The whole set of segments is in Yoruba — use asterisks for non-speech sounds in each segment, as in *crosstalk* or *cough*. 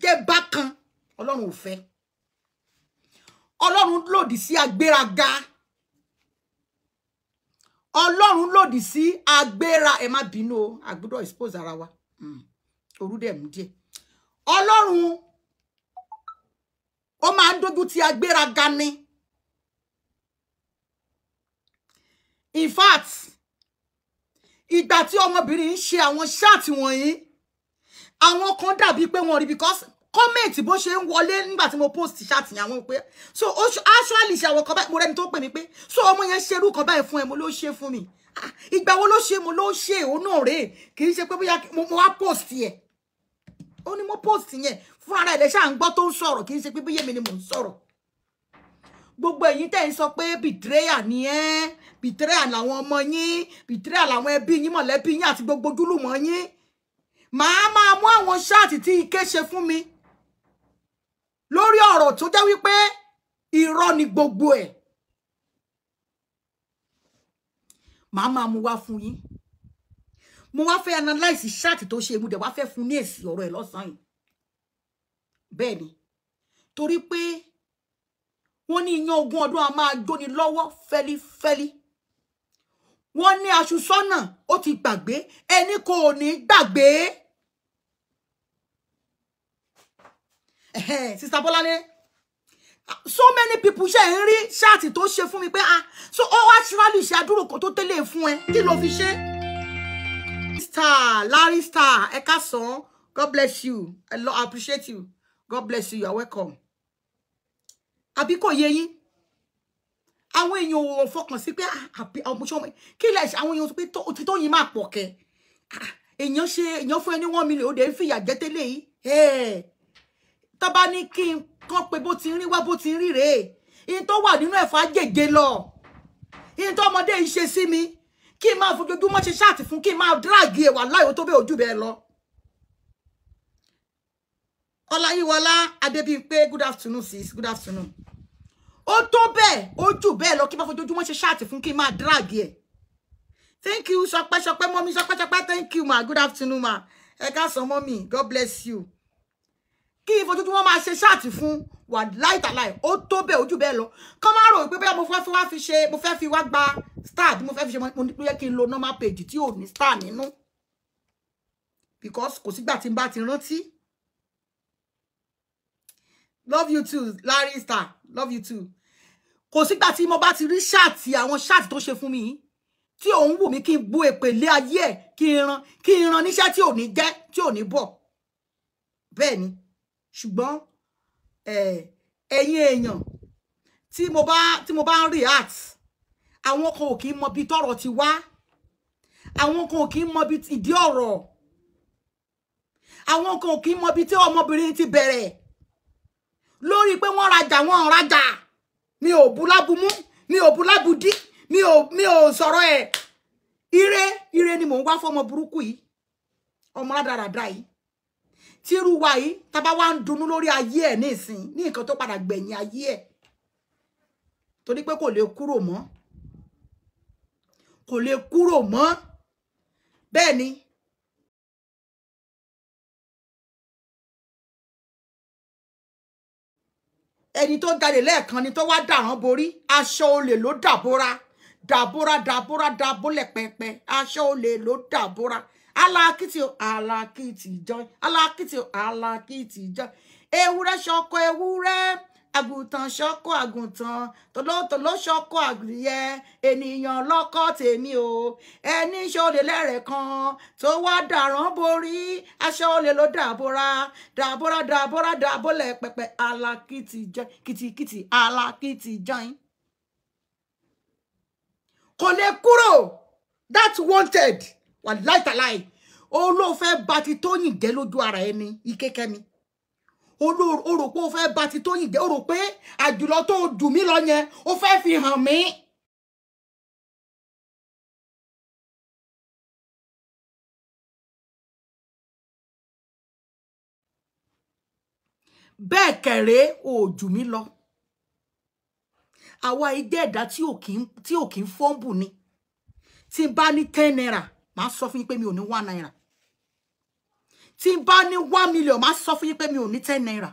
jẹ́ bákan ọlọ́run ò fẹ́ ọlọ́run lòdì sí agbéraga ọlọ́run lòdì sí agbéra ẹ má bínú o àgbọ́dọ̀ expose ara wa òru hmm, dẹ̀ mú díẹ̀ ọlọ́run ó máa ń dójú ti agbéraga ni in fact ìgbà tí ọmọbìnrin ń ṣe àwọn ṣáàtì wọ̀nyí àwọn kan dàbí pé wọn rí because comment bó ṣe ń wọlé nígbà tí mo post ṣáàtì yẹn àwọn pé so actually ṣe àwọn kan báyìí mo rẹni tó pè mí pé so ọmọ yẹn ṣerú kan báyìí fún ẹ mo ló ṣe fún mi ah, ìgbà wo ló ṣe mo ló ṣe òun náà rèé kì í ṣe pé bóyá mo wá post yẹn ó ní mo post yẹn fún ara ẹ̀lẹ́ ṣáà ń gbọ́ tó ń sọ̀rọ̀ kì í ṣe pé bóyá èmi ni mò ń sọ̀rọ̀ gbogbo ẹ̀yin tẹ́ ń sọ pé bìtírẹ́yà ni ẹ́ bìtírẹ́yà làwọn ọmọ yín bìtírẹ́yà làwọn ẹbí yín mọ̀lẹ́bí yín àti gbogbo ojúlùmọ̀ yín màá máa mú àwọn ṣáàtì tí ike ṣe fún mi lórí ọ̀rọ̀ tó jẹ́ wípé irọ́ ni gbogbo ẹ̀ màá máa mú wá fún yín mo wá fẹ́ analyze ṣáàtì tó ṣe ìmúdẹ̀ wá fẹ́ fún ní èsì ọ̀rọ̀ ẹ̀ lọ́sàn-án yìí bẹ́ẹ̀ ni torí pé wọ́n ní iyán ogún ọdún a máa jóni lọ́wọ́ fẹ́lifẹ́li wọ́n ní aṣọ sọ́nà ó ti gbàgbé ẹni kò ní gbàgbé. sista bọ́láńlé so many people ṣe ń rí ṣáàtì tó ṣe fún mi pé ah so ó wá ṣúrálì ṣe àdúrò kó tó tẹ́lẹ̀ e fún ẹ kí ló fi ṣe. star larry star ẹ ká sàn god bless you i love appreciate you god bless you you are welcome. àbí kò yé yín àwọn èèyàn ò fọkàn sí pé ọmọṣọmọ ah, ah, kí lè ṣe àwọn èèyàn sọ pé òtítọ́ yìí máa pọ̀ kẹ́ ah, èèyàn ṣe èèyàn fún ẹ ní one million ó dẹ̀ fìyà jẹ tẹ́lẹ̀ yìí tó bá ní kí n kàn pé bó ti rí wá bó ti rí rèé ihun tó wà nínú ẹ̀fọ́ àjèjè lọ ihun tó ọmọdé yìí ṣe sí mi kí n máa fojoojúmọ́ ṣe ṣáàtì fún kí n máa díráàgì ẹ̀wà láyò tó bẹ́ẹ̀ ojú bẹ́ẹ̀ lọ. ọláyíwọlá adébíyìnpé good afternoon sis good afternoon ó tó bẹ́ẹ̀ ojú bẹ́ẹ̀ lọ kí n máa fojoojúmọ́ ṣe ṣáàtì fún kí n máa díráàgì ẹ̀ thank you sọpẹ́sọpẹ́ mọ́mí sọpẹ́sọpẹ́ thank you ma good afternoon ma ẹ káàsán mọ́mí god bless you kí ìfojú tí wọ́n máa ṣe ṣáàtì fún wà láìtàláì ó tó bẹ́ẹ̀ ojú bẹ́ẹ̀ lọ kán má rò pé bẹ́ẹ̀ mo fẹ́ wá fi ṣe mo fẹ́ fi wá gba star tí mo fẹ́ fi ṣe mo ní pé kí n lo normal page tí ò ní star nínú because kò sígbà tí n bá ti rántí love you too larry star love you too kò sígbà tí mo bá ti rí ṣáàtì àwọn ṣáàtì tó ṣe fún mi tí òun wù mí kí n bu èpè lé ayé ẹ kí n ran kí n ran níṣẹ́ tí ò ní jẹ́ tí ò ní bọ̀ bẹ́ẹ̀ ni ṣùgbọ́n ẹ̀yin èèyàn tí mo bá tí mo bá ń react àwọn kan ò kì í mọbi tọ́rọ̀ ti wá àwọn kan ò kì í mọbi ìdí ọ̀rọ̀ àwọn kan ò kì í mọbi tí ọmọbìnrin ti bẹ̀rẹ̀ lórí pé wọ́n rajà wọ́n rajà mi ò bu lábumú mi ò bu lábudí mi ò mi ò sọ̀rọ̀ ẹ̀ ire ire ni mò ń wá fọmọ burúkú yìí ọmọ rádaràda yìí tírú wa yìí tá bá wá ń dunnú lórí ayé ẹ̀ nísìn ní nǹkan tó padà gbẹ̀yìn ayé ẹ̀ torí pé kò lè kúrò mọ́ kò lè kúrò mọ́ bẹ́ẹ̀ ni ẹni tó jalè lẹ́ẹ̀kan ni tó wá dàrán borí aṣọ olè ló dàbóra dàbóra dàbóra dàbólẹ̀ pẹpẹ aṣọ olè ló dàbóra alakiti o alakiti joy alakiti o alakiti joy ewúrẹ́ ṣọkọ ewúrẹ́ àgùntàn ṣọkọ àgùntàn tòlótòló ṣọkọ àgbìyẹ ènìyàn lọ́kọ tèmi o ẹni ṣọlẹ lẹrẹ kan tó wá dàrán borí aṣọ olè ló dàbora dàbora dàbora dàbọlẹ pẹpẹ alakiti joy kìtìkìtì alakiti joy kò lè kúrò that's wanted wà láìtàláì olóòfẹ́ bá ti Tóyìn jẹ́ lójú ara ẹni ikékẹ́mi o rò pé o fẹ́ bá ti Tóyìn jẹ́ o rò pé àjùlọ tó dùn mí lọ yẹn o fẹ́ fi hàn mí. bẹ́ẹ̀ kẹ̀rẹ́ ò jù mí lọ àwa ìdẹ́ẹ̀dá tí ò kí ń fọ́ǹbù ni tí bá ní ten naira màá sọ fún yín pé mi ò ní one naira tí n bá ní one million màá sọ fún yín pé mi ò ní ten naira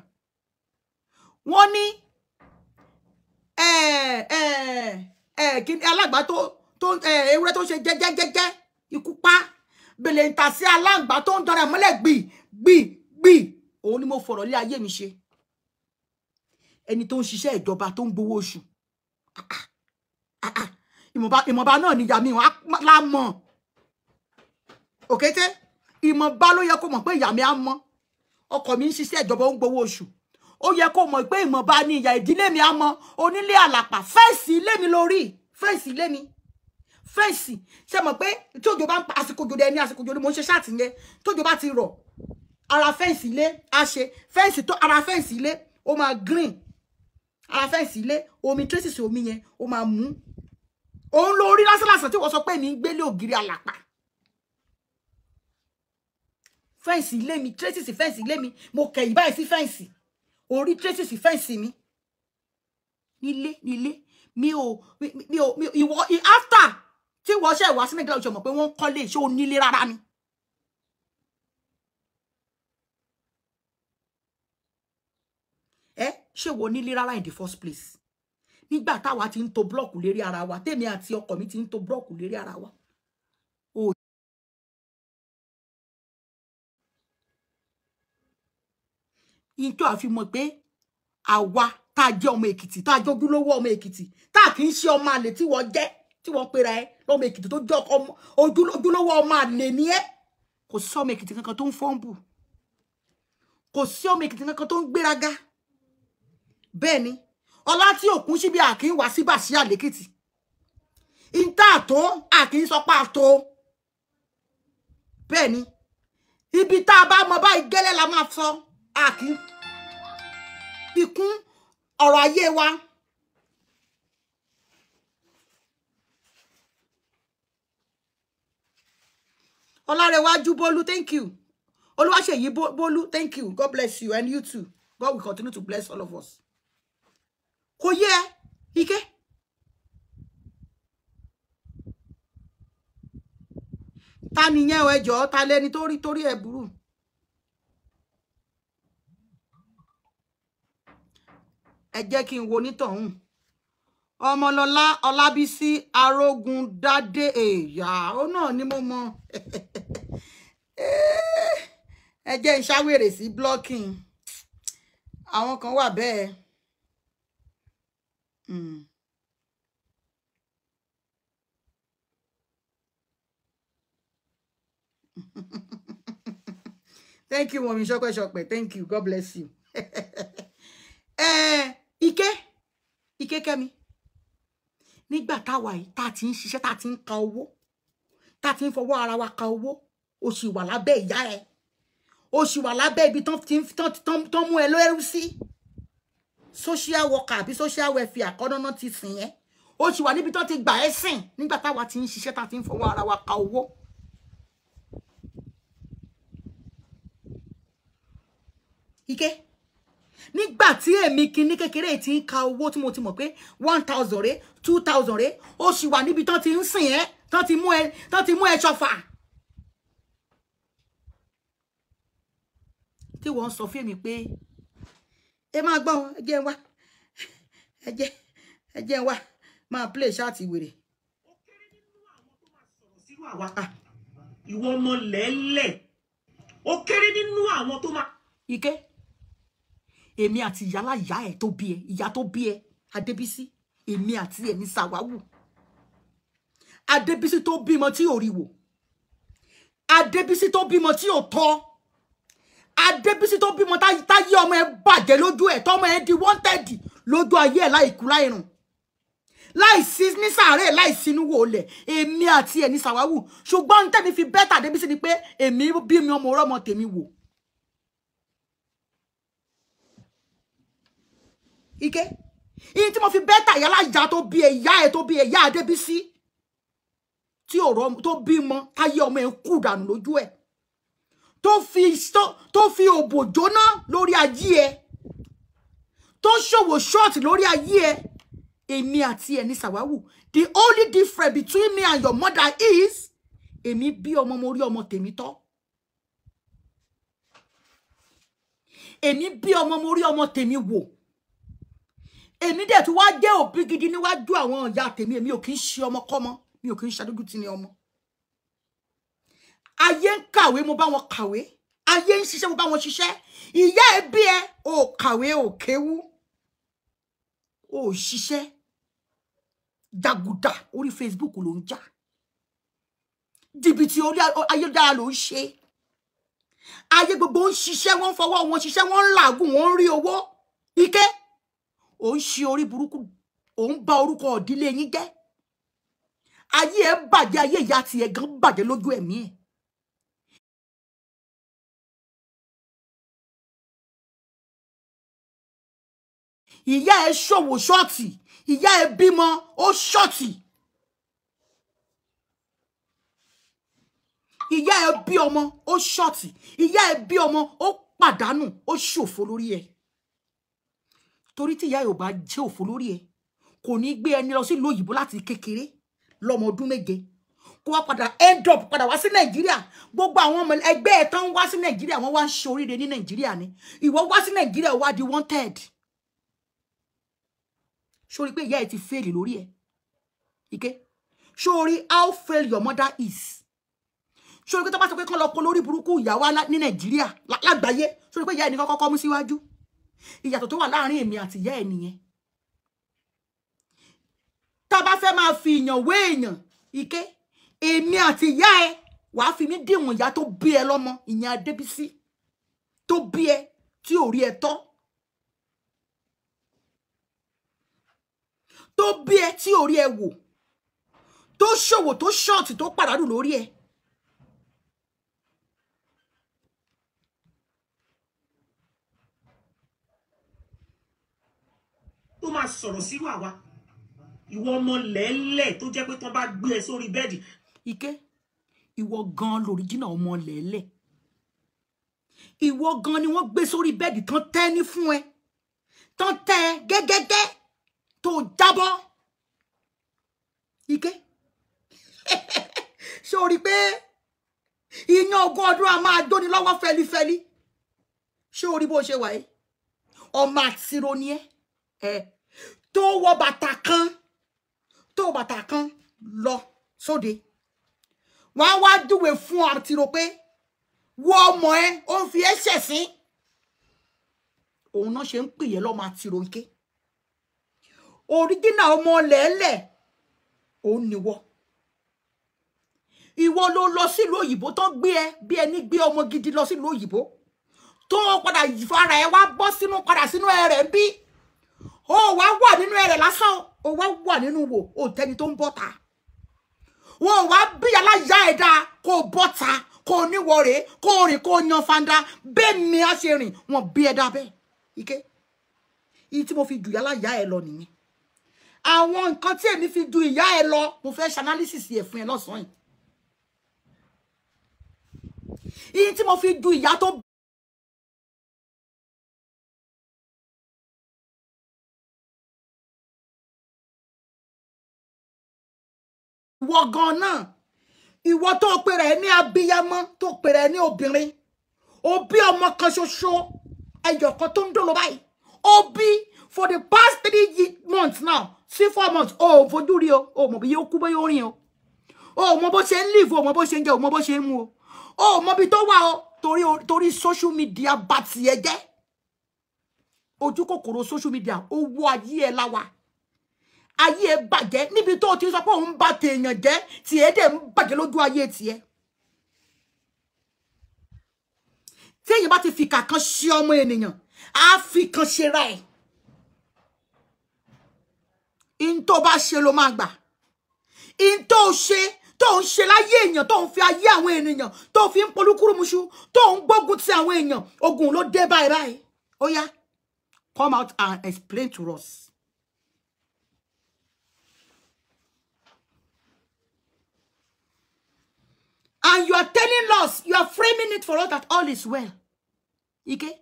wọ́n ní alágbá tó ewúrẹ́ tó ṣe jẹ́jẹ́jẹ́jẹ́ ikú pa bèlè ń ta sí alágbá tó ń dọ̀rẹ̀ mọ́lẹ̀ gbì gbì gbì òun ni mo fọ̀rọ̀ lé ayé mi ṣe ẹni tó ń ṣiṣẹ́ Ah ah. ń gbowó oṣù ah, ah, ah, ìmọ̀ba náà níyàmí wọn á lámọ̀ òkété ìmọ̀ bá ló yẹ kó mọ̀ pé ìyá mi á mọ́ ọkọ mi ń ṣiṣẹ́ ìjọba ó ń gbowó oṣù ó yẹ kó mọ̀ pé ìmọ̀ bá ní ìyá ìdílé mi á mọ́ onílé àlàpà fẹ́ǹsì ilé mi lórí fẹ́ǹsì ilé mi fẹ́ǹsì ṣe mọ̀ pé tójò bá ń pa àsìkò jòdè ẹni àsìkò jòdè mo ń ṣe ṣáàtì yẹn tójò bá ti rọ̀ ara fẹ́ǹsì ilé á ṣe fẹ́ǹsì tó ara fẹ́ǹsì ilé ó máa green ara fẹ́ǹsì ilé omi traces omi yẹn ó máa mú òun lórí lásánlàsán tí wọ́n sọ pé mi gbélé ògiri àlàpà fẹ́ǹsì ilé mi tracy sí fẹ́ǹsì ilé mi mo kẹ̀yìn báyìí sí fẹ́ǹsì orí tracy sí fẹ́ǹsì mi nílé nílé mi ò mi ò mi ò ìwọ after tí wọ́n ṣe ìwà sí nàìjíríà ọ̀ṣọ́ mọ̀ pé wọ́n ń kọ́lé ṣé ó nílé rárá ni. ẹ ṣé wo nílé rárá in the first place nígbà táwa ti ń to búlọ̀kù lérí ara wa tèmi àti ọkọ mi ti ń to búlọ̀kù lérí ara wa a ìjọ àfimọ̀ pé àwa tá a jẹ́ ọmọ èkìtì tá a jọ ojúlówó ọmọ èkìtì tá a kì í ṣe ọmọ àlè tí wọ́n jẹ́ tí wọ́n pera ẹ lọ́mọ èkìtì tó jẹ́ ojúlówó ọmọ àlè ni ẹ kò sí ọmọ èkìtì kankan tó ń fọ́ǹbù kò sí ọmọ èkìtì kankan tó ń gbéraga bẹ́ẹ̀ ni ọlá tí òkun síbi àkì ń wá sí bàṣíà lẹ́kìtì ìta àtó àkì ń sọpá àtó bẹ́ẹ̀ ni ibi tá a bá mọ báyìí gẹ́lẹ́ la máa sọ. So àkín fi ọ̀rọ̀ ayé wa. Ọlárẹwájú Bólú, thank you. Olúwaṣèyí Bólú, thank you. God bless you and you too. God will continue to bless all of us. Kò yẹ ike. Ta nìyẹn o ẹjọ́ ta lẹni tó rí torí ẹ̀ burú. ẹ jẹ́ kí n wo nítọ̀hún ọmọlọlá ọlábísí arógun dádé èyà ó náà ni mo mọ *laughs* ẹ jẹ́ n ṣàwèrè sí blocking àwọn kan wà bẹ́ẹ̀ hmm. *laughs* thank you wọmi ṣọpẹ́ṣọpẹ́ thank you god bless you. *laughs* eh, ike ike kẹ́mi nígbà táwa yìí tá a ti ń ṣiṣẹ́ tá a ti ń ka owó tá a ti ń fọwọ́ ara wa ka owó o sì wà lábẹ́ ìyá ẹ o sì wà lábẹ́ ibi tán mú ẹ lẹ́rú sí social worker àbí social welfare àkọ́nọ́ná ti sìn yẹn o sì wà níbi tán ti gbà ẹ́ sìn nígbà táwa ti ń ṣiṣẹ́ tá a ti ń fọwọ́ ara wa ka owó. ike nígbà tí èmi kinní kékeré ti ń ka owó tí mo ti mọ̀ pé one thousand rẹ two thousand rẹ ó sì wà níbi tán ti ń sìn ẹ́ tán ti mú ẹ tán ti mú ẹ ṣọfà. tí wọ́n sọ fún mi pé ẹ máa gbọ́ ẹ jẹ́ wá ẹ jẹ́ ẹ jẹ́ wá máa play ṣáàtì wèrè. Ah. ìwọ ọmọ lẹ́lẹ̀ ó kéré nínú àwọn tó máa. ike èmi àti ìyálà ìyá ẹ̀ tó bí ẹ ìyá tó bí ẹ Adébísí èmi àti ẹ̀ ní sàwáwù Adébísí tó bímọ tí ò rí wò Adébísí tó bímọ tí ò tọ́ Adébísí tó bímọ táyé ọmọ ẹ̀ bàjẹ́ lójú ẹ̀ tọ́mọ ẹ̀ di wọ́ntẹ́dì lójú ayé ẹ̀ láìkú láìrùn láìsí ní sàárẹ̀ láìsí inú wòlẹ̀ èmi àti ẹ̀ sàwáwù ṣùgbọ́n tẹ̀mí fi bẹ́tà Adébísí ni pé èmi bí mi ọmọ ọ̀rọ̀ ọmọ tèmi wò. ike iye tí mo fi bẹ́tà yálà ìjà tó bí ẹ̀yà ẹ̀ tó bí ẹ̀yà Adébísí tí ọ̀rọ̀ tó bímọ táyé ọmọ ẹ̀ ń kú dànù lójú ẹ̀ tó fi tó fi òbò jóná lórí ayé ẹ̀ tó ṣòwò ṣọ́ọ̀tì lórí ayé ẹ̀ èmi àti ẹ̀ ní sàwáwù the only difference between me and your mother is èmi bí ọmọ mo rí ọmọ tèmi tọ́ èmi bí ọmọ mo rí ọmọ tèmi wò èmi dẹ̀ tún wá jẹ́ òbí gidi níwájú àwọn ìyá tèmi èmi ò kì í ṣe ọmọkọ́mọ mi ò kì í ṣàdójú ti ní ọmọ ayé ń kàwé mo bá wọn kàwé ayé ń ṣiṣẹ́ mo bá wọn ṣiṣẹ́ ìyá ẹ bí ẹ ò kàwé ò kéwú ò ṣiṣẹ́ jàgùdà orí Facebook ló ń jà jìbìtì orí ayélujára ló ń ṣe ayé gbogbo ń ṣiṣẹ́ wọ́n fọwọ́ wọn ṣiṣẹ́ wọ́n ń làágùn wọ́n ń rí owó ike ò ń ṣe orí burúkú ò ń ba orúkọ ìdílé yín jẹ́ ayé ẹ bàjẹ́ ayé ìyá tiẹ̀ gan bàjẹ́ lójú ẹ̀mí ẹ̀. ìyá ẹ ṣòwò ṣọ́ọ̀tì ìyá ẹ bímọ ó ṣọ́ọ̀tì. ìyá ẹ bí ọmọ ó ṣọ́ọ̀tì ìyá ẹ bí ọmọ ó pàdánù ó ṣòfò lórí ẹ. E torí tí ìyá yorùbá jẹ́ òfò lórí ẹ kò ní gbé ẹni lọ sílùú òyìnbó láti kékeré lọ́mọ ọdún méje kó wá padà end up padà wá sí nàìjíríà gbogbo àwọn ọmọ ẹgbẹ́ ẹ̀ tán wá sí nàìjíríà wọ́n wá ń ṣoríire ní nàìjíríà ni ìwọ wá sí nàìjíríà wá di wanted sórí pé ìyá ẹ ti fail lórí ẹ ike sórí how fail your mother is sórí pé tó bá sọ pé kán lọ kó lórí burúkú ìyàwó ní nàìjíríà lágbàáyé sórí pé ìyá ẹ ní kọ́kọ́ kọ́ mú síwájú ìyàtọ̀ tó wà láàrin èmi àti ìyá ẹ̀ nìyẹn tá a bá fẹ́ máa fi èèyàn wé èèyàn ike èmi àti ìyá ẹ wàá fi mí díwọ̀n ìyá tó bí ẹ lọ́mọ ìyẹn Adébísí tó bí ẹ tí ò rí ẹ tọ́ tó bí ẹ tí ò rí ẹ wò tó ṣòwò tó ṣọ́ọ̀tì tó pàdánù lórí ẹ. tó máa sọ̀rọ̀ sírú àwa ìwọ ọmọ lẹ́lẹ̀ tó jẹ́ pé tán bá gbé ẹ sórí bẹ́ẹ̀dì. ike ìwọ gan lòríjìnà ọmọ lẹ́lẹ̀ ìwọ gan ni wọ́n gbé sórí bẹ́ẹ̀dì tán tẹ́ ní fún ẹ tán tẹ́ ẹ gẹ́gẹ́gẹ́ tó jábọ́ ike *laughs* ṣé o i pé iná ogún ọdún a máa dóni lọ́wọ́ fẹlifẹli ṣé o rí bó ṣe wà yìí ọmọ àtirọ ni ẹ́ ẹ tó wọ bàtà kan tó bàtà kan lọ sóde wọn á wá dúwe fún àtìrò pé wọ ọmọ ẹ ó ń fi ẹsẹ̀ sí òun náà ṣe ń pìyẹ lọ́mọ àtìrò nké oríjìnà ọmọ lẹ́lẹ̀ òun nìwọ ìwọ ló lọ sílùú òyìnbó tó gbé ẹ bí ẹni gbé ọmọ gidi lọ sílùú òyìnbó tó padà fara ẹ wá bọ́ sínú padà sínú ẹ rẹ̀ bí ó wá wà nínú ẹ̀rẹ̀ lásán ó wá wà nínú wò ó tẹ́ni tó ń bọ́ta wọn ò wá bí aláya ẹ̀dá kó bọ́ta kó níwọ̀re kó rìn kó yan fanda bẹ́ẹ̀ ni a ṣe rìn wọn bí ẹ̀dá bẹ́ẹ̀ ike iye tí mo fi jù aláya ẹ̀ lọ nìyẹn àwọn nǹkan tí èmi fi ju ìyá ẹ̀ lọ mo fẹ́ ṣe analysis ẹ̀ fún ẹ lọ́sàn-án yìí iye tí mo fi ju ìyá tó ìwọ gan náà ìwọ tó pèrè ní abiyamọ tó pèrè ní obìnrin òbí ọmọ kan ṣoṣo ẹyọ kan tó ń dòlò báyìí òbí for the past three months now sí four months o ò fojú rí o o mọ̀ bí yóò kú bóyá ó rìn o o mọ̀ bó ṣe ń live o mọ̀ bó ṣe ń jẹ o mọ̀ bó ṣe ń mu o o mọ̀ bí tó wà o torí torí social media bá tiẹ̀ jẹ́ ojú kòkòrò social media ó wọ ayé ẹ láwa ayé ẹ bàjẹ́ níbi tó o ti sọ pé òun bá tèèyàn jẹ́ tiẹ̀ dẹ̀ ń bàjẹ́ lójú ayé tiẹ̀. téèyàn bá ti fìkà kan ṣe ọmọ ènìyàn á fi kan ṣera ẹ̀. in tó bá ṣe ló máa gbà in tó ṣe tó ń ṣe láyé èèyàn tó ń fi ayé àwọn ènìyàn tó fi ń polúkúrúmuṣu tó ń gbógun ti àwọn èèyàn ogun ló dé báyìí báyìí ó yá come out and explain to us. And you are telling us, you are framing it for us that all is well. Okay?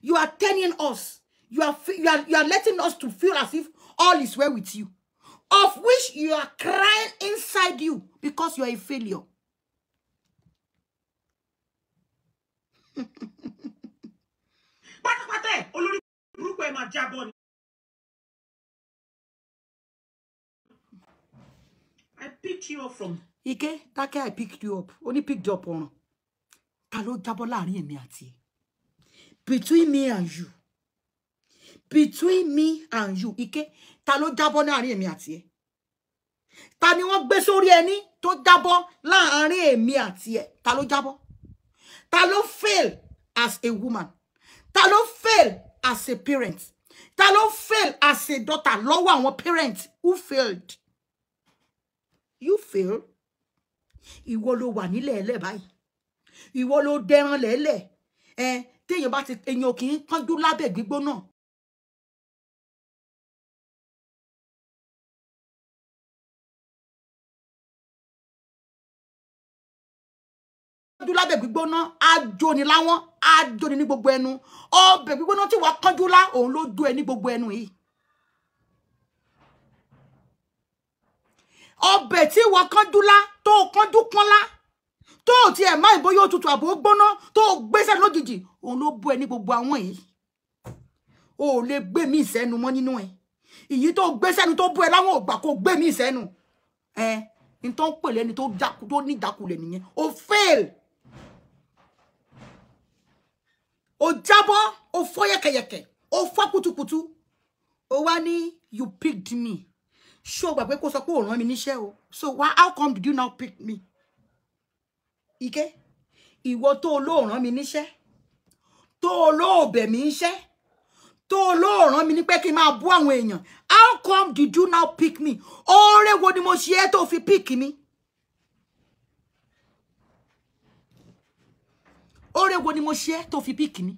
You are telling us, you are, you are, you are letting us to feel as if all is well with you. Of which you are crying inside you because you are a failure. I picked you up from ike take i picked you up ó ní picked up ọ̀ràn ta ló jábọ́ láàrin èmi àti between me and you between me and you ike ta ló jábọ́ láàrin èmi àti ẹ̀ ta ni wọ́n gbé sórí ẹni tó jábọ́ láàrin èmi àti ẹ̀ ta ló jábọ́ ta ló fail as a woman ta ló fail as a parent ta ló fail as a daughter lọ́wọ́ àwọn parents who failed you failed ìwọ ló wà nílẹ̀ ẹlẹ́ báyìí ìwọ ló dẹran lẹ́lẹ̀ ẹ téèyàn bá ti èèyàn kì í kánjú lábẹ́ gbígbóná kánjú lábẹ́ gbígbóná ajoni láwọn ajoni ní gbogbo ẹnu ọbẹ̀ gbígbóná tí wàá kánjú lá òun ló dún ẹ ní gbogbo ẹnu yìí ọbẹ̀ tí wọ́n kánjú lá tó kánjú kán lá tó ò tiẹ̀ má ìbò yóò tutù àbò gbóná tó o gbéṣẹ́ lójijì òun ló bú ẹ ní gbogbo àwọn yìí o ò lè gbé mi ìsẹ́nu mọ́ nínú ẹ ìyí tó gbéṣẹ́nu tó bú ẹ láwọn ògbà kó gbé mi ìsẹ́nu ẹ n tó ń pè lẹ́ni tó ní ìjákulẹ̀ nìyẹn o fail o jábọ́ o fọ́ yẹ̀kẹ̀yẹ̀kẹ̀ o fọ́ kutukutu o wá ní you picked me ṣó gbàgbé kó sọ pé òun mi níṣẹ́ o so why how come did you now pick me ike ìwọ tó olóòrán mi níṣẹ́ tó olóòbẹ̀ mi níṣẹ́ tó olóòrán mi ní pé kí n máa bú àwọn èèyàn how come did you now pick me oore wo ni mo ṣe é tó fi pick me. oore wo ni mo ṣe é tó fi pick me.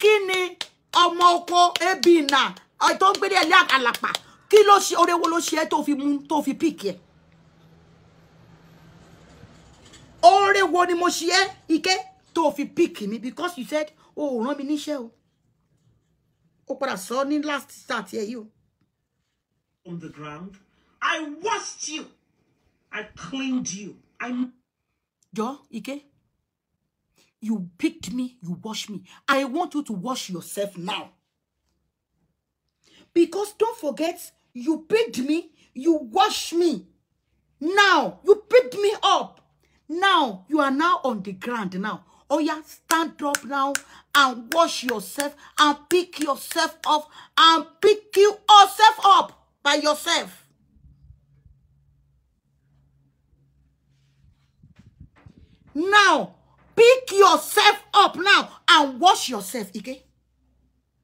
kí ni ọmọ oko ebi nà tó ń gbé ní ẹlẹ́ àlàpà kí ló ṣe oore wo ló ṣe ẹ́ tó fi mú tó fi píìkì ẹ̀ oore wo ni mo ṣe ẹ́ ike tó fi píìkì mi because you said o ò rán mi níṣẹ́ o ó padà sọ ní last start ẹ yìí o. on the ground I washed you I cleaned you I. jọ ike you picked me you wash me I want you to wash yourself now because don't forget You picked me. You washed me. Now, you picked me up. Now, you are now on the ground now. Oh yeah, stand up now and wash yourself and pick yourself up and pick you yourself up by yourself. Now, pick yourself up now and wash yourself, okay?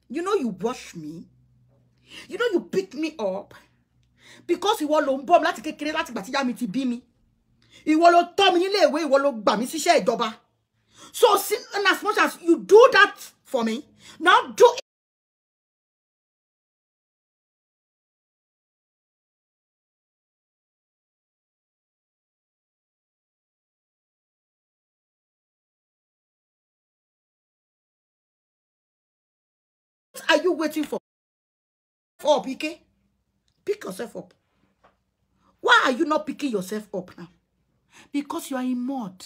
You know you wash me you know you pick me up because ìwọ ló ń bọ́ mi láti kékeré láti gbà tíyá mi ti bí mi ìwọ ló tọ́ mi nílé ìwé ìwọ ló gbà mí síṣẹ́ ìjọba so and as much as you do that for me now do What are you waiting for? up, Ike. Pick yourself up. Why are you not picking yourself up now? Because you are in mud.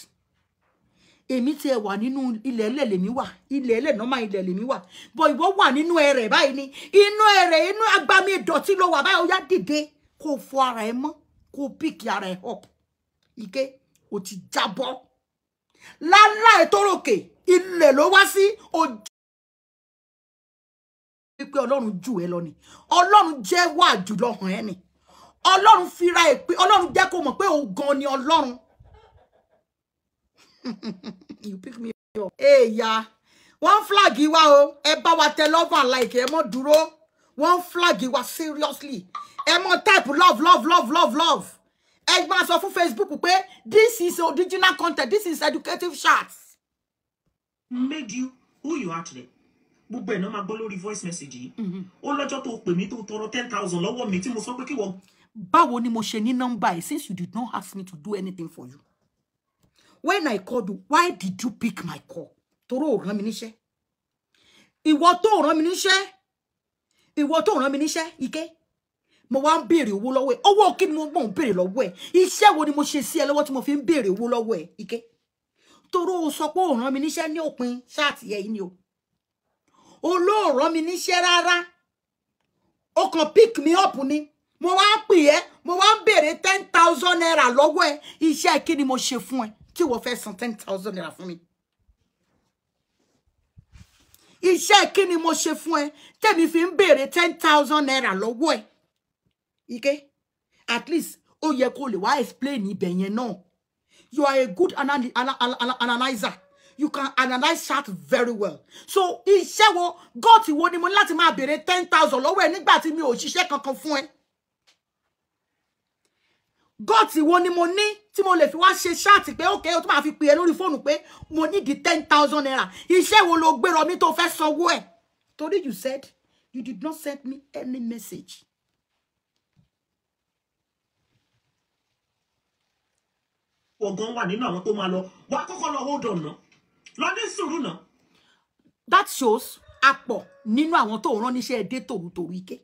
Emi tí ẹ wà nínú ilẹ̀ ẹlẹ̀ lèmi wà. Ilẹ̀ ẹlẹ̀ nọ́mà ilẹ̀ lèmi wà. Bọ̀ ìwọ wà nínú ẹrẹ̀ báyìí ni. Inú ẹrẹ̀ inú agbami ìdọ̀tí ló wà báyìí. Ó yá dìde kó fọ ara ẹ mọ́. Kó pick ara ẹ up. Ike o ti La la ẹ̀ tó ròkè ilẹ̀ ló wá sí wípé ọlọ́run jù ẹ lọ ni ọlọ́run jẹ́ wà jùlọ hàn ẹ́ ni ọlọ́run fira ẹ pé ọlọ́run jẹ́ kó mọ̀ pé òun gan ni ọlọ́run èèyà *laughs* wọ́n flag wa o ẹ bá wa tẹ love and like ẹ mọ́ dúró wọ́n flag wa seriously ẹ mọ́ type love love love love love ẹ máa sọ fún Facebook pé this is original content this is educative chat. made you who you are today gbogbo ẹ̀ náà máa gbọ́ lórí voice message yìí mhm. ó lọ́jọ́ tó pè mí tó tọrọ ten thousand lọ́wọ́ mi tí mo sọ pé kí wọ́n. báwo ni mo ṣe ní nọ́mbà yìí since you did not ask me to do anything for you when i called you why did you pick my call torí ò rán mi níṣẹ́ ìwọ tó rán mi níṣẹ́ ìwọ tó rán mi níṣẹ́ ike mo wá ń béèrè owó lọ́wọ́ ẹ̀ owó kí ni mo mọ̀ ń béèrè lọ́wọ́ ẹ̀ iṣẹ́ wo ni mo ṣe sí ẹ lọ́wọ́ tí mo fi ń béèrè owó lọ́wọ́ ẹ̀ ike torí o sọ pé ò rán mi níṣẹ́ ní òpin ṣáàtì yẹ yìí ni o olóòrán mi níṣẹ́ rárá ó kàn pick me up ni mo wá ń pè ẹ́ mo wá ń béèrè ten thousand naira lọ́wọ́ ẹ iṣẹ́ kí ni mo ṣe fún ẹ tí wọ́n fẹ́ san ten thousand naira fún mi iṣẹ́ kí ni mo ṣe fún ẹ tẹ̀mí fi ń béèrè ten thousand naira lọ́wọ́ ẹ̀ ike at least ó yẹ kó lè wá explain ibẹ̀ yẹn náà you are a good analy analy analyzer you can analyze chart very well so iṣẹ́ wo god wo ni mo ní láti máa béèrè ten thousand lọ́wọ́ ẹ nígbà tí mi ò ṣiṣẹ́ kankan fún ẹ god wo ni mo ní tí mo lè fi wá ṣe ṣáàtì pé òkè o tún máa fi pè é lórí fóònù pé mo ní di ten thousand naira iṣẹ́ wo ló gbérọ mi tó fẹ́ sanwó ẹ̀ torí you said you did not send me any message. ọ̀gán wà nínú àwọn tó máa lọ wá kọ́kọ́ lọ hold on náà. No? lọ́dún sùúrù náà. that shows apọ̀ nínú àwọn tó rán níṣẹ́ ẹdẹ ike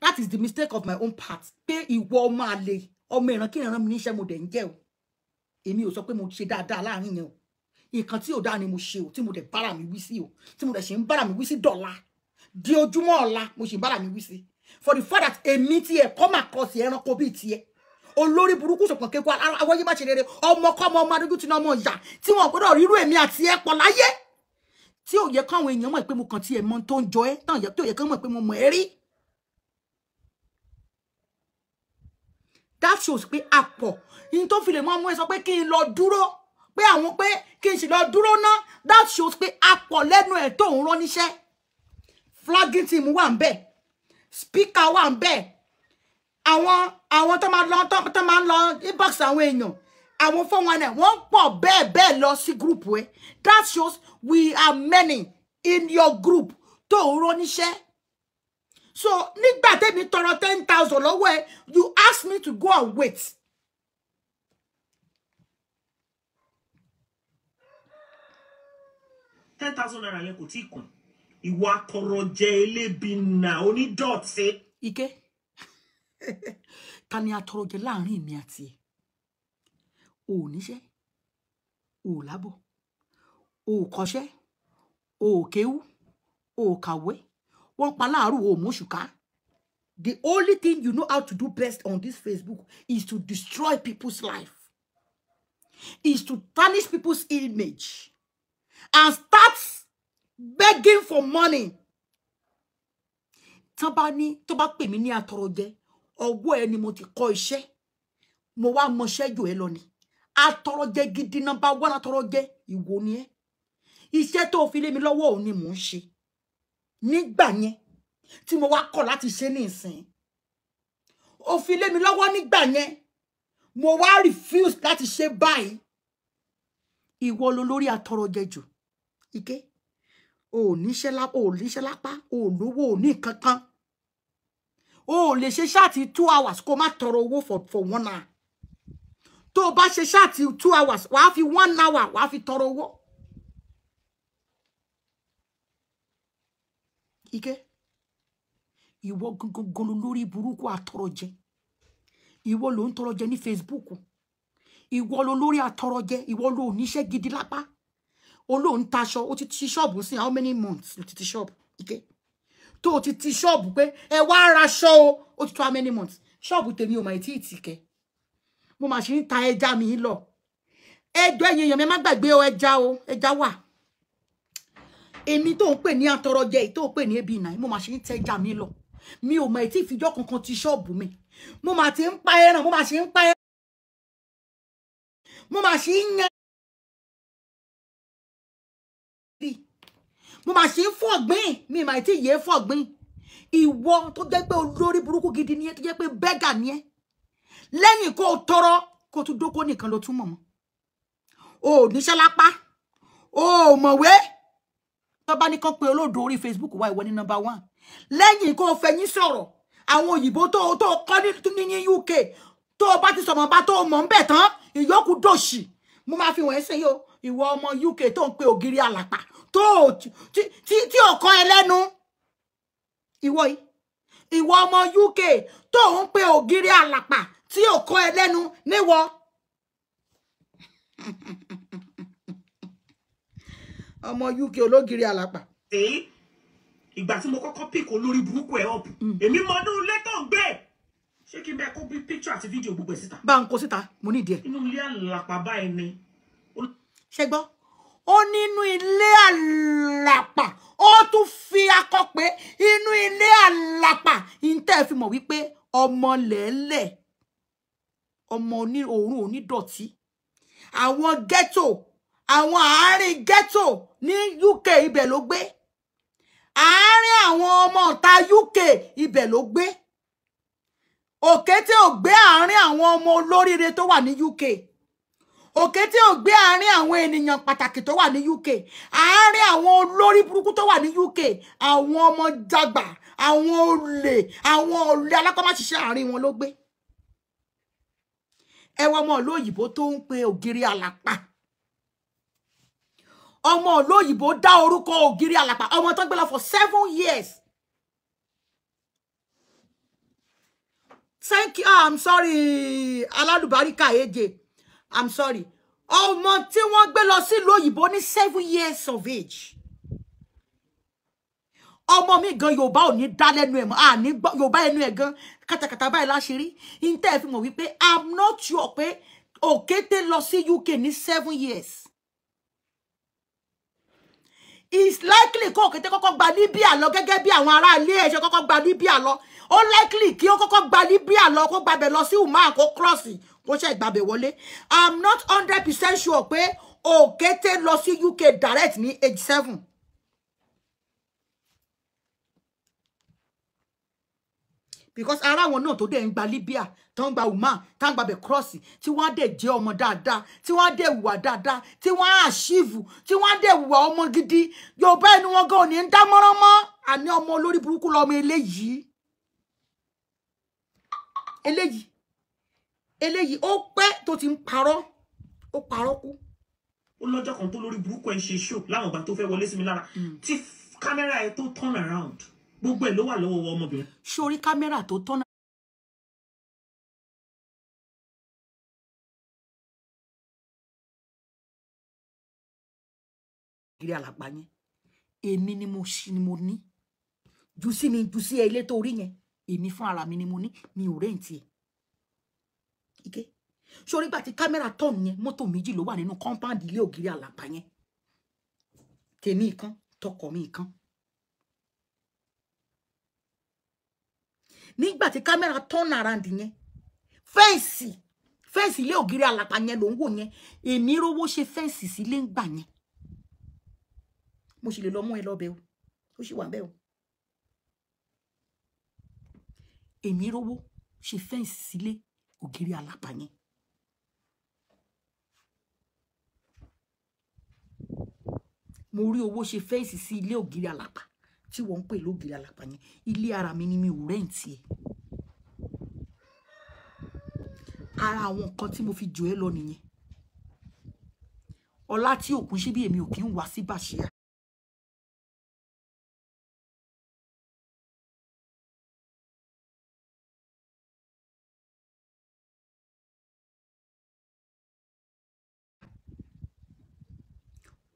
that is the mistake of my own part pé ìwọ ọmọ àlè ọmọ ìran kí ìran mi níṣẹ́ mo dẹ̀ ń o Emi ò sọ pé mo ṣe dáadáa láàrin yẹn o nǹkan tí ò dáa ni mo ṣe o tí mo dẹ̀ bára mi wisi o tí mo dẹ̀ ṣe ń bára mi wisi sí dọ̀la di ojúmọ́ ọ̀la mo ṣe ń mi wisi. for the fact that èmi tiẹ̀ kọ́ máa kọ́ sí ẹranko bíi tiẹ̀ olórí burúkú ṣọ̀pọ̀ kéku awọ́yé má ṣe rere ọmọkọ́mọ ọmọ adójú ti ní ọmọ ìyá tí wọn gbọ́dọ̀ rírú èmi àti ẹ pọ̀ láyé tí ò yẹ káwọn èèyàn mọ̀ pé mo kàn tiẹ̀ mọ tó ń jọ ẹ́ tán tí ò yẹ káwọn mọ̀ pé mo mọ̀ ẹ́ rí. that shows pé àpọ̀ yín tó fi lè mọ́ ọmọ ẹ sọ pé kí n lọ dúró pé àwọn pé kí n sì lọ dúró ná that shows pé àpọ̀ lẹ́nu ẹ̀ tó ń rán níṣẹ́ flagging team wà ń bẹ̀ speaker wà ń bẹ̀ àwọn àwọn tó máa lọ tó máa ń lọ inbox àwọn èèyàn àwọn four one nine wọ́n pọ̀ bẹ́ẹ̀ bẹ́ẹ̀ lọ sí group ẹ that shows we are many in your group tó ń roníṣẹ́ so nígbà tẹ́mi tọrọ ten thousand lọ́wọ́ ẹ you ask me to go and wait. ten thousand naira yẹn kò tí ì kàn ìwà àkọ̀rọ̀jẹ elébi nà onídọ̀tí. ike. *laughs* ta ni atọrọ jẹ láàrin èmi àti ẹ o ò níṣẹ́ o ò lábọ̀ o ò kọ́ṣẹ́ o ò o ò kàwé wọ́n pa láàárọ̀ o mọṣù ká the only thing you know how to do best on this Facebook is to destroy people's life is to tarnish people's image and start begging for money tán bá ní tó bá pè mí ní atọrọ jẹ ọwọ́ ẹ ni mo ti kọ́ iṣẹ́ mo wá mọṣẹ́ jù ẹ lọ ni atọrọjẹ gidi nọ́mbà wọn atọrọjẹ ìwọ ni ẹ iṣẹ́ tó fi lé mi lọ́wọ́ òun ni mò ń ṣe nígbà yẹn tí mo wá kọ̀ láti ṣe ní ìsìn ó fi lé mi lọ́wọ́ nígbà yẹn mo wá refuse láti ṣe báyìí ìwọ lo lórí atọrọjẹ jù ike ò lápá ò lówó ò ní kankan Oh, ò lè ṣe ṣáàtì two hours kó má tọrọ owó for for one hour To ba se ṣe ṣáàtì two hours wàá fi one hour wàá fi tọrọ owó. ike ìwọ gangan lórí burúkú àtọrọjẹ ìwọ ló ń tọrọjẹ ní Facebook lori ló lórí àtọrọjẹ ìwọ ló níṣẹ́ gidi lápá olóhùn taṣọ ó ti ti ṣọ́ọ̀bù sí how many months ló ti ti ṣọ́ọ̀bù ike. Okay? To ti ti ṣọ́ọ̀bù pé ẹ wá show. o ó ti tó how many months ṣọ́ọ̀bù tèmi ò mà tí ì tì kẹ́ mo mà ṣì ń ta ẹja mi lọ ẹjọ́ ẹ̀yin èèyàn mi má gbàgbé o ẹja o ẹja wà èmi tó ń pè ní atọrọjẹ èyí tó ń pè ní ebi ìnà mo mà ṣì ń tẹja mi lọ mi ò mà tí ì fijọ́ kankan ti ṣọ́ọ̀bù mi mo mà ti ń pa ẹran mo mà ṣì ń pa ẹran mo mà ṣì ń yan mo mà ṣe ń fọ̀gbìn mi mà ti yé fọ̀gbìn ìwọ tó jẹ́ pé olórí burúkú gidi ni ẹ́ tó jẹ́ pé bẹ́gà ni ẹ́ lẹ́yìn kó toro, tọrọ kó o tún dóko nìkan ló tún mọ̀ mọ́ o ò níṣẹ́ lápá o ò mọ̀wé tó bá ní kán pé olóòdò Facebook wa ìwọ number nọ́mbà one lẹ́yìn kó o fẹ̀yìn sọ̀rọ̀ àwọn òyìnbó to tó kọ́ ní ni UK To ba ti sọ̀mọ́ bá tó o mọ̀ ń bẹ̀ tán ìyókù dòṣì mo máa fi wọ̀nyí sẹ́yìn o ìwọ ọmọ UK tó ń pe ògiri àlàpà tó tí ọkọ ẹlẹ́nu ìwọ yìí ìwọ ọmọ UK tó ń pe ògiri àlàpà tí ọkọ ẹlẹ́nu níwọ. *laughs* ọmọ UK ológiri àlàpà. ìgbà tí mo kọ́kọ́ pick olórí burúkú ẹ̀ ọ̀pù mm. èmi mọ ọdún lẹ́tọ̀ ń gbé ṣé kí n bẹ́ẹ̀ kó bí picture àti fídíò gbogbo ẹ̀ síta. bá ń kó síta mo ní ìdí ẹ̀. inú ilé àlàpà báyìí ni ṣe gbọ́ ó nínú ilé àlàpà ó tún fi akọ pé inú ilé àlàpà ìtẹ́ fi mọ̀ wípé ọmọ lẹ́lẹ̀ ọmọ òórùn onídọ̀tí àwọn ghetto àwọn àárín ghetto ní UK ibẹ̀ ló gbé àárín àwọn ọmọ ọ̀ta UK ibẹ̀ ló gbé òkè tí ò gbé àárín àwọn ọmọ olóríire tó wà ní UK òkè tí ò gbé àárín àwọn ènìyàn pàtàkì tó wà ní UK àárín àwọn olórí burúkú tó wà ní UK àwọn ọmọ jàgbà àwọn olè àwọn olè alákọ̀ọ́máṣiṣẹ́ àárín wọn ló gbé ẹ wọ ọmọ olóyìnbó tó ń pe ògiri àlàpà ọmọ olóyìnbó dá orúkọ ògiri àlàpà ọmọ tó ń gbé lọ for seven years thank you oh, i'm sorry alálùbáríkà èjè i'm sorry ọmọ tí wọ́n gbé lọ sílùú òyìnbó ní seven years of age ọmọ mi gan yorùbá ò ní dá lẹ́nu ẹ̀ mọ́ à ní yorùbá ẹnu ẹ̀ gan kàtàkàtà báyìí láṣìírí níta ẹ̀ fi mọ̀ wípé i'm not sure pé òkété lọ sí uk ní seven years it's likely kó òkété kọ́kọ́ gba libya lọ gẹ́gẹ́ bí àwọn ará ilé ẹ̀ ṣe kọ́kọ́ gba libya lọ ó likely kí ó kọ́kọ́ gba libya lọ kó gbabẹ̀ lọ sí umar kó cross kó ṣe ìgbàbẹ̀ wọlé i'm not hundred percent sure pé òkété lọ sí uk direct ní age seven. because ara wọn náà tó dẹ̀ ń gba Libya tó ń gba Oman tó ń gba bẹ̀ cross tí wọ́n á dẹ̀ jẹ́ ọmọ dáadáa tí wọ́n á dẹ̀ wùwà dáadáa tí wọ́n á àṣìvù tí wọ́n á dẹ̀ wùwà ọmọ gidi Yorùbá ẹni wọn gan òní ń dá mọ́rán mọ́ àní ọmọ olórí burúkú lọ́mọ eléyìí eléyìí eléyìí ó pẹ́ tó ti ń parọ́ ó parọ́ kú. ó lọ́jọ́ kan tó lórí burúkú ẹ̀ ń ṣe show láwọn ìgbà tó fẹ́ wọlé sí mi lára hmm. tí kámẹ́rà ẹ̀ tó turn around gbogbo ẹ̀ ló wà lọ́wọ́ ọmọbìnrin. sórí kámẹ́rà tó turn kiri alàgbà yẹn èmi ni mo ṣi ni mo ní jù sí mi jù sí ẹ ilé tó rí yẹn èmi fún ara mi ni mo ní mi ò rẹ́ǹtì ẹ̀ ike sórí gbà tí kámẹ́rà tọ̀nù yẹn mọ́tò méjì ló wà nínú kọ́ńpáàdì ilé ògiri àlàpà yẹn tèmi kan tọkọ mi kan nígbà tí kámẹ́rà tọ́nà around yẹn fẹ́ǹsì fẹ́ǹsì ilé ògiri àlàpà yẹn ló ń wò yẹn èmi rówó ṣe fẹ́ǹsì sílé ń gbà yẹn mo sì lè lọ mú ẹ lọ bẹ o ó sì wà bẹ́ẹ̀ o èmi rówó ṣe fẹ́ǹsì sílé ògiri alápàyín. mo rí owó ṣe fẹ́ẹ̀sì sí ilé ògiri alápà tí wọ́n ń pè lógiri alápà ilé ara mi ni mi ò rẹ́ǹtì ẹ̀ ara àwọn nǹkan tí mo fi jù ẹ́ lọ nìyẹn ọlá tí òkun ṣe bí èmi ò kí ń wá sí bàṣíà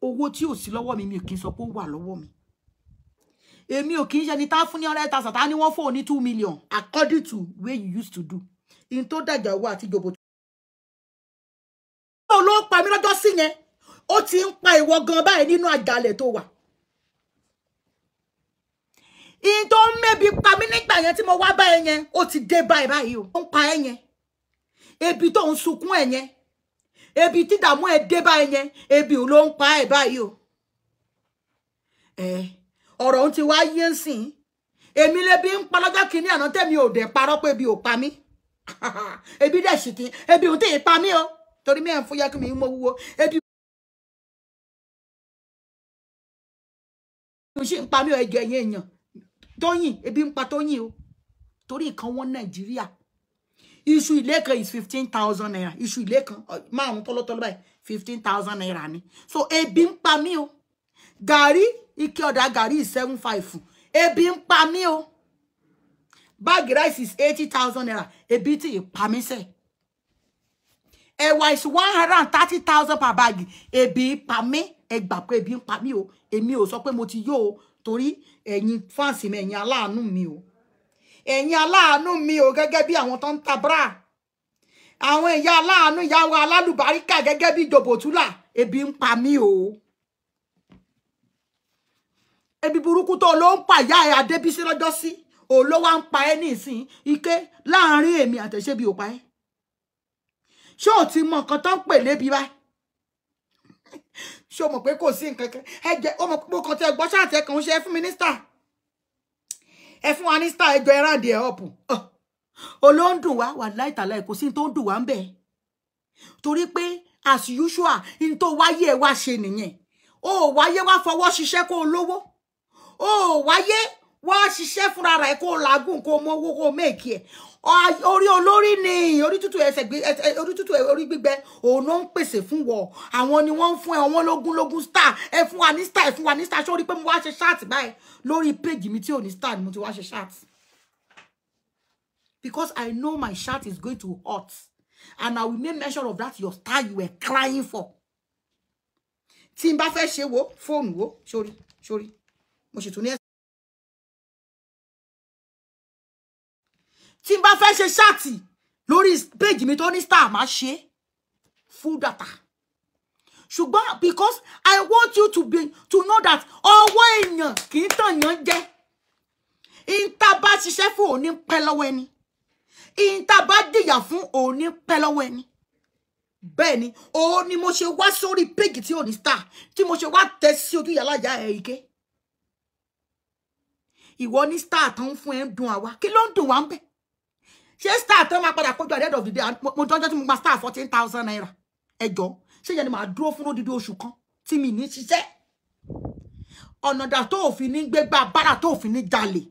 owó tí ò sí lọ́wọ́ mi mi ò kí n sọ pé ó wà lọ́wọ́ mi èmi ò kí n ṣe ni tá fún ní ọ̀rẹ́ ta sàtá ni wọ́n fún ní two million according to way you used to do in tó dàjà owó àti jòbó. ó ló ń pa mí lọ́jọ́ sí yẹn ó ti ń pa ìwọ gan báyìí nínú àjàlẹ̀ tó wà in tó mẹ́bi pa mí nígbà yẹn tí mo wá bá ẹ yẹn ó ti dé báyìí báyìí o ó ń pa ẹ yẹn ebi tó ń sunkún ẹ yẹn ebi tí dààmú e dé báyìí yẹn ebi ò ló ń pa ẹ báyìí o ẹ ọ̀rọ̀ ń ti wá yé sìn èmi lebi ń pa lọ́jọ́ kìíní àná tẹ̀mí ò dẹ̀ parọ́ pé ebi ò pa mí *laughs* ebi de sì ti ebi ò tí ì pa mí o torí mi ẹ̀ ń fún yẹ mi mọ wúwo ebi. mo ṣe ń pa mí o ẹjọ ẹ̀yin èèyàn Tóyìn ebi ń pa Tóyìn o torí nǹkan wọn Nàìjíríà iṣu ilé kan is fifteen thousand naira iṣu ilé kan márùn tọ́lọ́tọ́lọ́ báyìí fifteen thousand naira ni so ebi ń pa mí o gàrí ike ọ̀dà gàrí is seven five ebi ń pa mí o bag rice is eighty thousand naira ebi tí ì pa mí sẹ́ẹ̀ ẹ̀wà is one hundred and thirty thousand per bag ebi ń pa mí ẹ gbà pé ebi ń pa mí o èmi ò sọ pé mo ti yó o torí ẹ̀yin fáǹsì mi ẹ̀yin aláàánú mi o ẹ̀yin aláàánú mi o gẹ́gẹ́ bí àwọn tó ń ta bra àwọn ìyá aláàánú ìyá wa alálùbáríkà gẹ́gẹ́ bí jòbòtúlà ebi ń pa mí o ebi burúkú tó ló ń pa ìyá adébísí lọ́jọ́ sí òun ló wá ń pa ẹ́ nísìn ike láàárín èmi àtẹ̀ṣẹ́bi ò pa ẹ́ ṣé ò ti mọ nǹkan tó ń pè lébi báyìí ṣé o mọ̀ pé kò sí nǹkan kan ẹ jẹ́ o mọ̀ pé mo kàn tẹ gbọ́ kan ṣe fún mínísítà ẹ fún wa ní star ẹjọ ẹ ráǹdì ẹ ọ̀pù ah, olóńdùn wa wà láìtàláì kò sí ní tó ń dùn wá ń bẹ̀ torí pé as usual ní tó wáyé ẹ wá ṣe nìyẹn o ò wáyé wá fọwọ́ ṣiṣẹ́ kó o lówó o ò wáyé wá ṣiṣẹ́ fúnra rẹ̀ kó o làágùn kó mọ owó kó o ẹ̀ e orí olórí ni orí tútù ẹsẹ̀ orí tútù orí gbígbẹ òun ló ń pèsè fún wọ àwọn ni wọ́n ń fún ẹ wọ́n lógún lógún star ẹ fún wa ní star ẹ fún wa ní star ṣé o rí pé mo wá ṣe ṣáàtì báyìí lórí péjì mi tí ò ní star ni mo ti wá ṣe ṣáàtì because I know my shirt is going to hot, and I will make measure of that your star you were crying for tí n bá fẹ́ ṣe wo fóònù wo sórí sórí mo ṣètò ní tí n bá fẹ́ ṣe ṣáàtì lórí péjì mi tó ní star máa ṣe full data ṣùgbọ́n because I want you to be to know that ọwọ́ èèyàn kì í tàn yàn jẹ́ ìta bá ṣiṣẹ́ fún òní pẹ́ lọ́wọ́ ẹni ìta bá jìyà fún òní pẹ́ lọ́wọ́ ẹni bẹ́ẹ̀ ni òun ni mo ṣe wá sórí péjì tí ò ní star tí mo ṣe wá tẹ̀ sí ojú yàrá ìyá ẹ̀ ike ìwọ ní star tó ń fún ẹ ń dùn àwa kí ló ń dùn wá ń bẹ̀ ṣé star tó máa padà kójú àdẹ́dọ̀ dìde mo jọjọ́ tí mo gba star fourteen thousand naira ẹjọ́ ṣé yẹn ni màá dúró fún odidi oṣù kan tí mi ní ṣiṣẹ́ ọ̀nàdà tó òfin ní gbégbá bára tó òfin ní jalè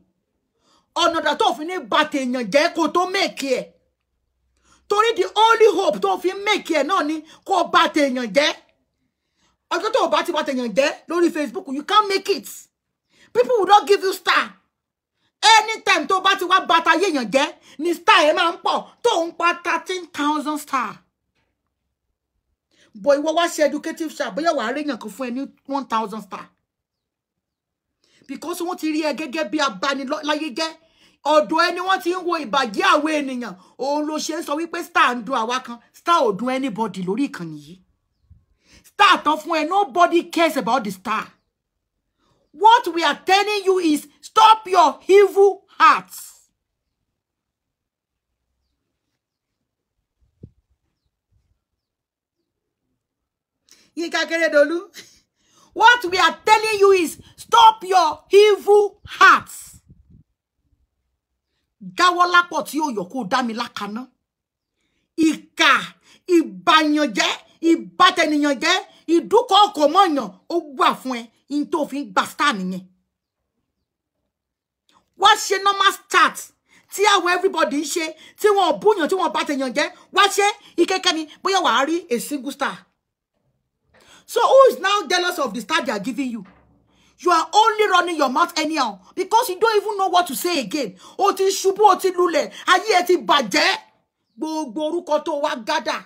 ọ̀nàdà tó òfin ní bàtẹ̀ èèyàn jẹ́ kó tó mẹ́ẹ̀kì ẹ̀ torí the only hope tó fi mẹ́ẹ̀kì ẹ̀ náà ni kó bàtẹ̀ èèyàn jẹ́ ọjọ́ tó o bá ti bàtẹ̀ èèyàn jẹ́ lórí Facebook you can't make it people will not give you star anytime tó bá ti wá bàtà yéèyàn jẹ́ ni star ẹ̀ máa ń pọ̀ tó ń pa thirteen thousand star bọ̀ ìwọ wá ṣe educative star bóyá wàá réyàn kan fún ẹ ní one thousand star because wọ́n ti rí ẹ gẹ́gẹ́ bí abániláyé jẹ́ ọ̀dọ̀ ẹni wọ́n ti ń wo ìbàjẹ́ àwọn ènìyàn òun ló ṣe ń sọ wípé star ń dun àwa kan star ò dun anybody lórí ìkànnì yìí star tán fún ẹ nobody cares about the star What we are telling you is stop your evil hearts. Yinka Keredolu, *laughs* what we are telling you is stop your evil hearts. Gawala lápọ̀ o ó yọ kó dá mi lákaná. Ìkà, ìbàyànjẹ́, ìbátẹnìyànjẹ́, ìdúkọ̀ ọkọ̀ mọ̀yàn ó gbà fún in tó fi gba star nìyẹn wá ṣe normal start tí àwọn everybody ń ṣe tí wọn ò búyàn tí wọn bá tèèyàn jẹ wá ni bóyá wàá rí a single star so who is now jealous of the star they are giving you you are only running your mouth anyhow because you don't even know what to say again o ti ṣubú o ti lulẹ̀ ayé ẹ ti bàjẹ́ gbogbo orúkọ tó wá gádà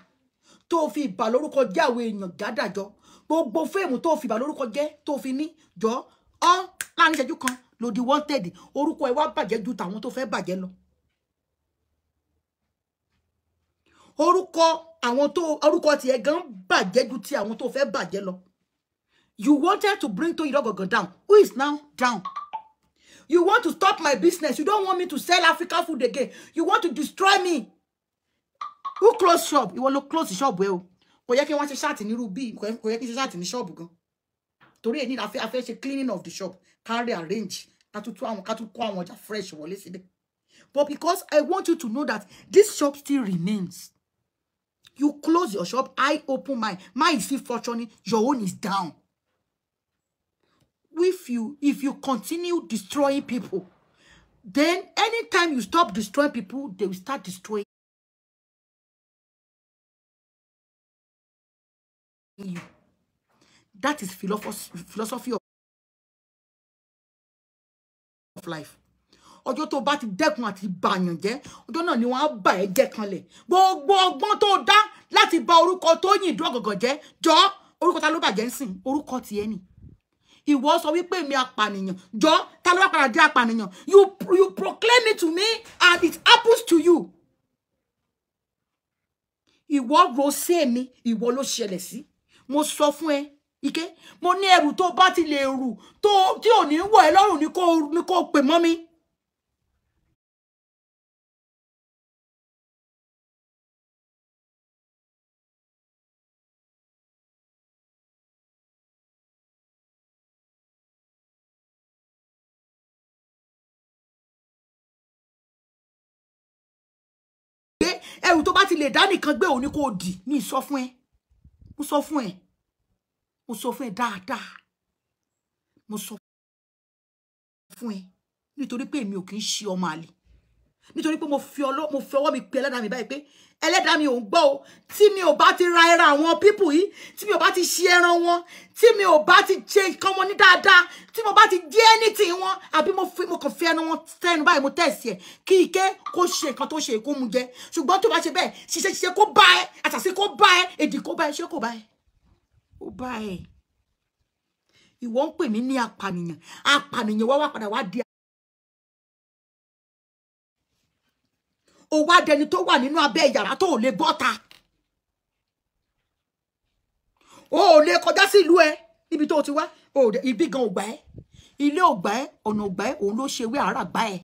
tó fi ìbà lórúkọ jẹ́ àwọn gada jo gbogbo fíìmù tó fi bà lórúkọ jẹ́ tó fi ní jọ ọ láàrin ìṣẹ́jú kan lòdì wanted orúkọ ẹ wá bàjẹ́ ju tàwọn tó fẹ́ bàjẹ́ lọ. orúkọ àwọn tó orúkọ tiẹ̀ gan bàjẹ́ ju ti àwọn tó fẹ́ bàjẹ́ lọ. You wanted to bring Toyin Ogangan down who is now down. You want to stop my business. You don't want me to sell African food again. You want to destroy me. Who close shop? Ìwọ ló close shop well kò yẹ kí wọ́n ṣe ṣáàtì nírú bíi kò yẹ kí ṣe ṣáàtì ní ṣọ́ọ̀bù gan torí èyí ni a fẹ́ ṣe cleaning of the shop carry arrange ká tún kó àwọn ọjà fresh wọlé síbẹ̀ but because I want you to know that this shop still remains you close your shop I open mine mine is still functioning your own is down if you if you continue destroying people then anytime you stop destroying people they will start destroying you. That is philosophy of life. Ojo tó bá ti dẹ́kun ati bàyàn jẹ́, ọjọ́ náà ni wọ́n á bà ẹ́ jẹ́ kanlẹ̀. Gbogbo ọgbọ́n tó dá láti bà orúkọ Tóyìn Ìdúrógọ̀gọ̀ jẹ́, jọ orúkọ ta ló bàjẹ́ ń sìn, orúkọ tiẹ̀ ni ìwọ sọ wípé èmi apànìyàn jọ ta ló bá padà dé apànìyàn you you proclaim it to me and it happens to you. Iwo ro sí èmi ìwọ ló ṣẹlẹ̀ sí mo sọ fún ẹ ike mo ní ẹrù tó bá ti lè rù tó tí ò ní wọ̀ ẹ́ lọ́rùn ni kò pè mọ́ mi. ẹrù tó bá ti lè dá nìkan gbé òun ni kò dì ní ìsọfún ẹ mo sọ fún ẹ mo sọ fún ẹ dáadáa mo sọ fún ẹ nítorí pé èmi ò kì í ṣe ọmọ àlè nítorí pé mo fi ọwọ́ mi pe ẹlẹ́dàá mi báyìí pé ẹlẹ́dàá mi ò ń gbọ́ o tí mi ò bá ti ra ẹran àwọn pípù yìí tí mi ò bá ti ṣe ẹran wọn tí mi ò bá ti ṣe nǹkan wọn ní dáadáa tí mo bá ti di anything wọn àbí mo fi mo kàn fi ẹnu wọn tẹnu báyìí mo tẹ̀sí ẹ̀ kí ike kó ṣe nǹkan tó ṣe kó mu jẹ ṣùgbọ́n tó bá ṣe bẹ́ẹ̀ ṣiṣẹ́ ṣiṣẹ́ kó bá ẹ àṣàṣe kó bá ẹ èdè kó bá ẹ ṣé kò bá ẹ ó bá ẹ ìwọ ń pè mí ní apànìyàn apànìyàn wá wá padà wá di. ó wá dẹni tó wà nínú abẹ́ yàrá tó ò lè bọ́ta o ò lè kọjá sí ìlú ẹ níbi tó ti wá ibi gan ò gbà ẹ́ ilé ò gbà ẹ́ ọ̀nà ò gbà òun ló ṣe wé àárà gbà ẹ́.